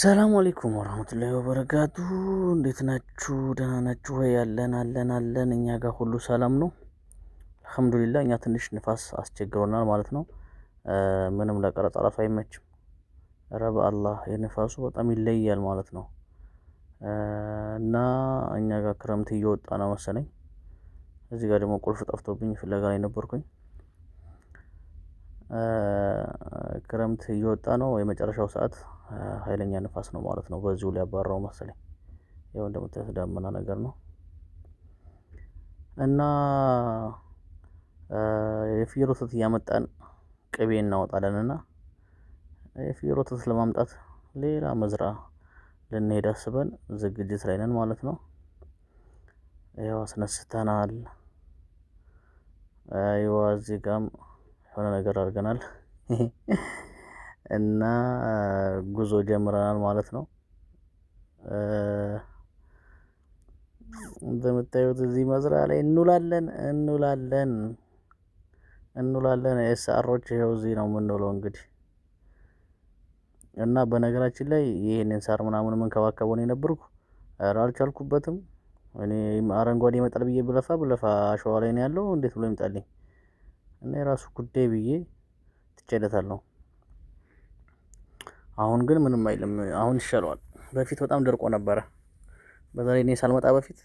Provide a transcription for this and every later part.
ሰላም አሌይኩም ወራህመቱላሂ ወበረካቱ። እንዴት ናችሁ? ደህና ናችሁ ወይ? ያለን አለን አለን። እኛ ጋር ሁሉ ሰላም ነው አልሐምዱሊላህ። እኛ ትንሽ ንፋስ አስቸግሮናል ማለት ነው። ምንም ለቀረጻ ራሱ አይመችም። ረብ አላህ የንፋሱ በጣም ይለያል ማለት ነው። እና እኛ ጋር ክረምት እየወጣ ነው መሰለኝ። እዚህ ጋር ደግሞ ቁልፍ ጠፍቶብኝ ፍለጋ ላይ ነበርኩኝ። ክረምት እየወጣ ነው የመጨረሻው ሰዓት ኃይለኛ ንፋስ ነው ማለት ነው። በዚሁ ሊያባራው መሰለኝ። ያው እንደምታዩት ዳመና ነገር ነው እና የፍየል ወተት እያመጣን ቅቤ እናወጣለን እና የፍየል ወተት ለማምጣት ሌላ መዝራ ልንሄድ አስበን ዝግጅት ላይ ነን ማለት ነው። ያው አስነስተናል። አይዋ እዚህ ጋም የሆነ ነገር አድርገናል። እና ጉዞ ጀምረናል ማለት ነው። እንደምታዩት እዚህ መዝራ ላይ እንውላለን እንውላለን እንውላለን። የሳሮች ይኸው እዚህ ነው የምንውለው እንግዲህ እና በነገራችን ላይ ይህንን ሳር ምናምን የምንከባከበውን የነበርኩ አልቻልኩበትም። እኔ አረንጓዴ ይመጣል ብዬ ብለፋ ብለፋ አሸዋ ላይ ነው ያለው። እንዴት ብሎ ይምጣልኝ? እና የራሱ ጉዳይ ብዬ ትቼለታለሁ። አሁን ግን ምንም አይልም። አሁን ይሻለዋል። በፊት በጣም ደርቆ ነበረ። በዛ ላይ እኔ ሳልመጣ በፊት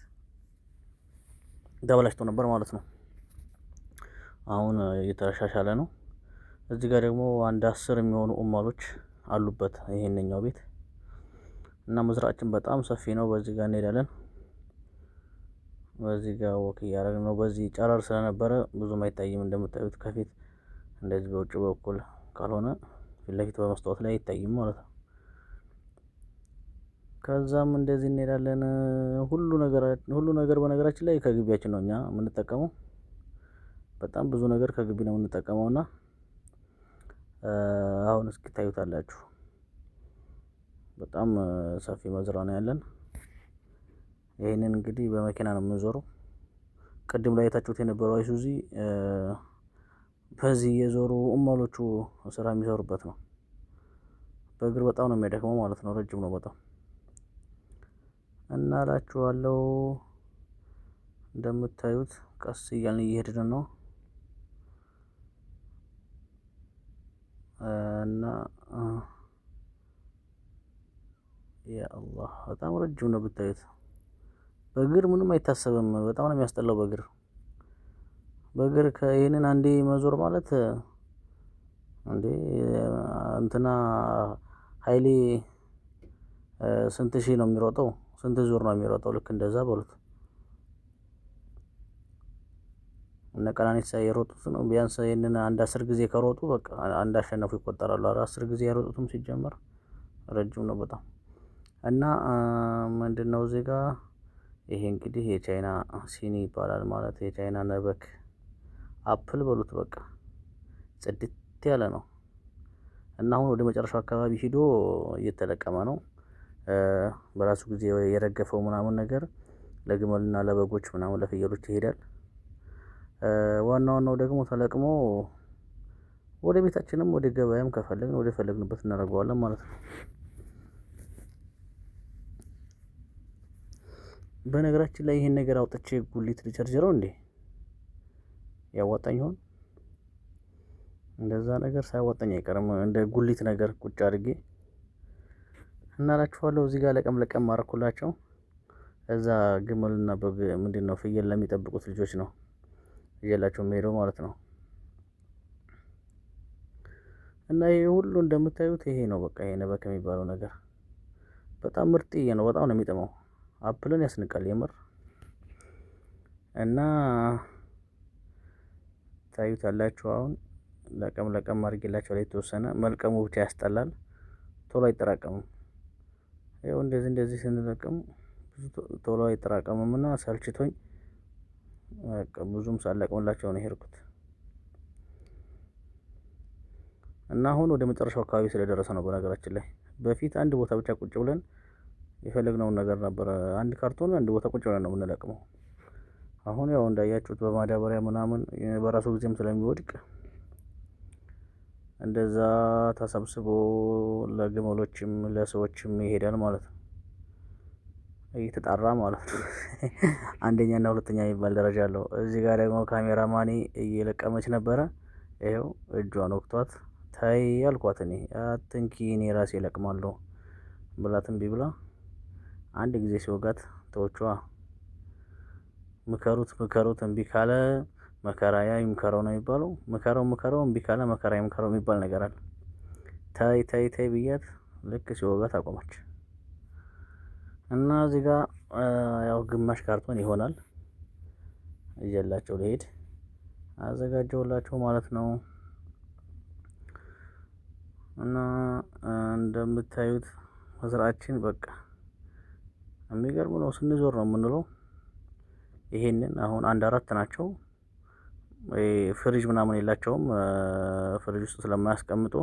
ተበላሽቶ ነበር ማለት ነው። አሁን እየተሻሻለ ነው። እዚህ ጋር ደግሞ አንድ አስር የሚሆኑ ኡማሎች አሉበት ይሄንኛው ቤት እና መዝራችን በጣም ሰፊ ነው። በዚህ ጋር እንሄዳለን። በዚህ ጋር ወክ እያደረግን ነው። በዚህ ጨረር ስለነበረ ብዙም አይታይም እንደምታዩት ከፊት እንደዚህ በውጭ በኩል ካልሆነ ፊት ለፊት በመስታወት ላይ አይታይም ማለት ነው። ከዛም እንደዚህ እንሄዳለን። ሁሉ ነገር ሁሉ ነገር በነገራችን ላይ ከግቢያችን ነው እኛ የምንጠቀመው። በጣም ብዙ ነገር ከግቢ ነው የምንጠቀመው እና አሁን እስኪ ታዩታላችሁ። በጣም ሰፊ መዝራ ነው ያለን። ይህንን እንግዲህ በመኪና ነው የምንዞረው። ቅድም ላይ የታችሁት የነበረው አይሱዚ በዚህ የዞሩ እመሎቹ ስራ የሚሰሩበት ነው። በእግር በጣም ነው የሚያደክመው ማለት ነው። ረጅም ነው በጣም እና እላችኋለሁ። እንደምታዩት ቀስ እያልን እየሄድን ነው እና ያአላህ በጣም ረጅም ነው ብታዩት። በእግር ምንም አይታሰብም። በጣም ነው የሚያስጠላው በእግር በእግር ይህንን አንዴ መዞር ማለት እንዴ እንትና ሀይሌ ስንት ሺህ ነው የሚሮጠው? ስንት ዙር ነው የሚሮጠው? ልክ እንደዛ በሉት። እነ ቀናኒሳ የሮጡት ነው። ቢያንስ ይህንን አንድ አስር ጊዜ ከሮጡ በቃ አንድ አሸነፉ ይቆጠራሉ። አስር ጊዜ አይሮጡትም ሲጀመር ረጅም ነው በጣም እና ምንድን ነው እዚህ ጋ ይሄ እንግዲህ የቻይና ሲኒ ይባላል ማለት የቻይና ነበክ አፕል በሉት በቃ ጽድት ያለ ነው እና አሁን ወደ መጨረሻው አካባቢ ሂዶ እየተለቀመ ነው። በራሱ ጊዜ የረገፈው ምናምን ነገር ለግመልና ለበጎች ምናምን ለፍየሎች ይሄዳል። ዋና ዋናው ደግሞ ተለቅሞ ወደ ቤታችንም ወደ ገበያም ከፈለግን ወደ ፈለግንበት እናደርገዋለን ማለት ነው። በነገራችን ላይ ይህን ነገር አውጥቼ ጉሊት ልቸርጀረው እንዴ ያዋጣኝ ይሆን? እንደዛ ነገር ሳያዋጣኝ አይቀርም። እንደ ጉሊት ነገር ቁጭ አድርጌ እናላችኋለሁ። እዚህ ጋር ለቀም ለቀም አረኩላቸው እዛ ግመልና በግ ምንድን ነው ፍየል ለሚጠብቁት ልጆች ነው እየላቸው የሚሄደው ማለት ነው። እና ይሄ ሁሉ እንደምታዩት ይሄ ነው በቃ ይሄ ነበክ የሚባለው ነገር በጣም ምርጥዬ ነው። በጣም ነው የሚጥመው። አፕልን ያስንቃል የምር እና ታዩት አላችሁ አሁን ለቀም ለቀም ላይ የተወሰነ መልቀሙ ብቻ ያስጠላል፣ ቶሎ አይጠራቀምም። ያው እንደዚህ እንደዚህ ስንለቅም ቶሎ አይጠራቀምም እና ሰልችቶኝ ብዙም ሳለቅምላቸው ነው የሄድኩት እና አሁን ወደ መጨረሻው አካባቢ ስለደረሰ ነው። በነገራችን ላይ በፊት አንድ ቦታ ብቻ ቁጭ ብለን የፈለግነውን ነገር ነበረ። አንድ ካርቶን አንድ ቦታ ቁጭ ብለን ነው የምንለቅመው። አሁን ያው እንዳያችሁት በማዳበሪያ ምናምን በራሱ ጊዜም ስለሚወድቅ እንደዛ ተሰብስቦ ለግመሎችም ለሰዎችም ይሄዳል ማለት ነው። እየተጣራ ማለት ነው። አንደኛና ሁለተኛ የሚባል ደረጃ አለው። እዚህ ጋር ደግሞ ካሜራ ማኔ እየለቀመች ነበረ። ይኸው እጇን ወቅቷት ታይ አልኳት። እኔ አትንኪ እኔ ራሴ እለቅማለሁ ብላትም ቢብላ አንድ ጊዜ ሲወጋት ተወቿ ምከሩት ምከሩት እምቢ ካለ መከራያ ይምከረው ነው የሚባለው። ምከረው ምከረው እምቢ ካለ መከራ ይምከረው የሚባል ነገር አለ። ታይ ታይ ታይ ብያት ልክ ሲወጋት አቆመች እና እዚህ ጋ ያው ግማሽ ካርቶን ይሆናል እየላቸው ልሄድ አዘጋጀውላቸው ማለት ነው። እና እንደምታዩት መስራችን በቃ የሚገርም ነው። ስንዞር ነው የምንለው። ይሄንን አሁን አንድ አራት ናቸው። ፍሪጅ ምናምን የላቸውም። ፍሪጅ ውስጥ ስለማያስቀምጡ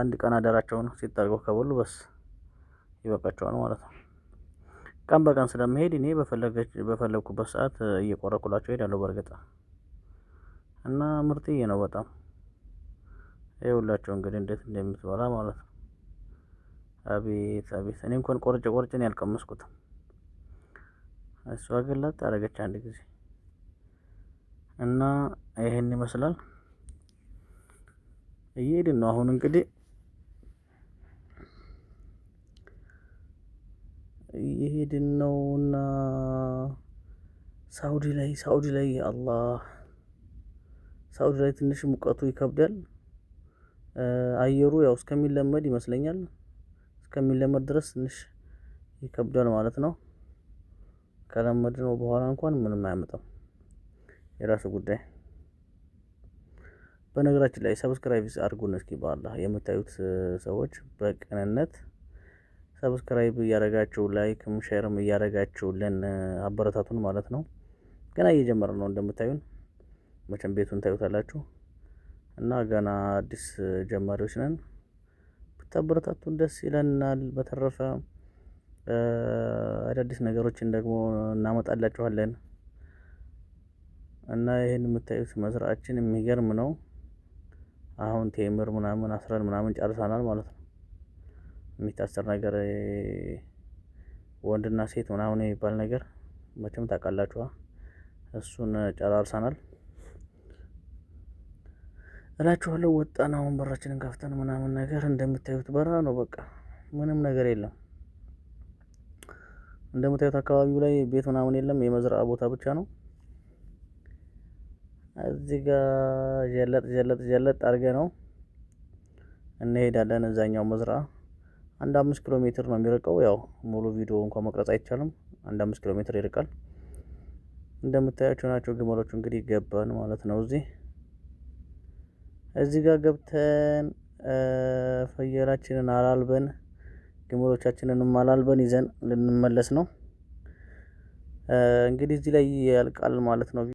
አንድ ቀን አደራቸውን ሲጠርገው ከበሉ በስ ይበቃቸዋል ማለት ነው። ቀን በቀን ስለመሄድ እኔ በፈለግኩበት ሰዓት እየቆረኩላቸው ሄዳለሁ። በእርግጥ እና ምርጥዬ ነው በጣም ይኸውላቸው እንግዲህ እንዴት እንደምትበላ ማለት ነው። አቤት አቤት! እኔ እንኳን ቆርጬ ቆርጬ ነው እሷ ግን ላጥ አደረገች አንድ ጊዜ እና ይሄን ይመስላል። እየሄድን ነው አሁን እንግዲህ እየሄድን ነውና ሳውዲ ላይ ሳውዲ ላይ አላህ ሳውዲ ላይ ትንሽ ሙቀቱ ይከብዳል። አየሩ ያው እስከሚለመድ ይመስለኛል እስከሚለመድ ድረስ ትንሽ ይከብዳል ማለት ነው። ነው በኋላ እንኳን ምንም አያመጣም። የራሱ ጉዳይ። በነገራችን ላይ ሰብስክራይብ አድርጉን እስኪ በአላ የምታዩት ሰዎች በቅንነት ሰብስክራይብ እያደረጋችሁ ላይክም ሼርም እያደረጋችሁልን አበረታቱን ማለት ነው። ገና እየጀመረ ነው እንደምታዩን፣ መቼም ቤቱን ታዩታላችሁ እና ገና አዲስ ጀማሪዎች ነን። ብታበረታቱን ደስ ይለናል። በተረፈ አዳዲስ ነገሮችን ደግሞ እናመጣላችኋለን እና ይህን የምታዩት መስራችን የሚገርም ነው። አሁን ቴምር ምናምን አስረን ምናምን ጨርሰናል ማለት ነው። የሚታሰር ነገር ወንድና ሴት ምናምን የሚባል ነገር መቼም ታውቃላችኋ። እሱን ጨራርሰናል እላችኋለሁ። ወጣን አሁን በራችንን ከፍተን ምናምን ነገር እንደምታዩት በረሃ ነው። በቃ ምንም ነገር የለም። እንደምታዩት አካባቢው ላይ ቤት ምናምን የለም፣ የመዝራ ቦታ ብቻ ነው። እዚህ ጋር ጀለጥ ጀለጥ ጀለጥ አድርገ ነው እንሄዳለን። እዛኛው መዝራ አንድ አምስት ኪሎ ሜትር ነው የሚርቀው። ያው ሙሉ ቪዲዮ እንኳን መቅረጽ አይቻልም፣ አንድ አምስት ኪሎ ሜትር ይርቃል። እንደምታያቸው ናቸው ግመሎቹ። እንግዲህ ገባን ማለት ነው። እዚህ እዚህ ጋር ገብተን ፍየላችንን አላልበን ግመሎቻችንንም አላልበን ይዘን ልንመለስ ነው። እንግዲህ እዚህ ላይ ያልቃል ማለት ነው።